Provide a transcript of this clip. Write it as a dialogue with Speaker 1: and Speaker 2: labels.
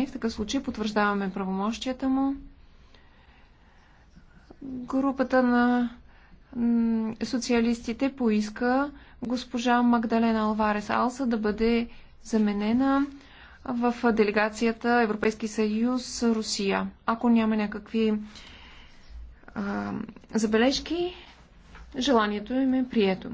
Speaker 1: Не, в такъв случай потвърждаваме правомощията му. Групата на социалистите поиска госпожа Магдалена Алварес Алса да бъде заменена в делегацията Европейски съюз Русия. Ако няма някакви а, забележки, желанието
Speaker 2: им е прието.